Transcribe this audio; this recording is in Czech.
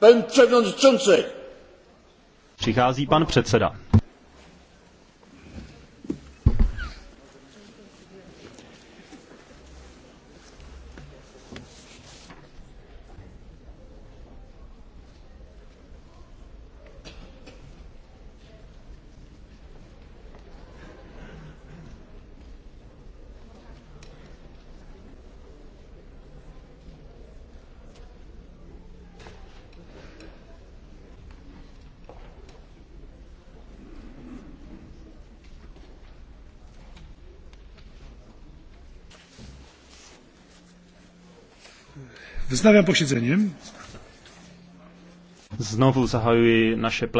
Pan předsedající. Přichází pan předseda. Wznawiam posiedzenie. Znovu zahajuji naše plénum.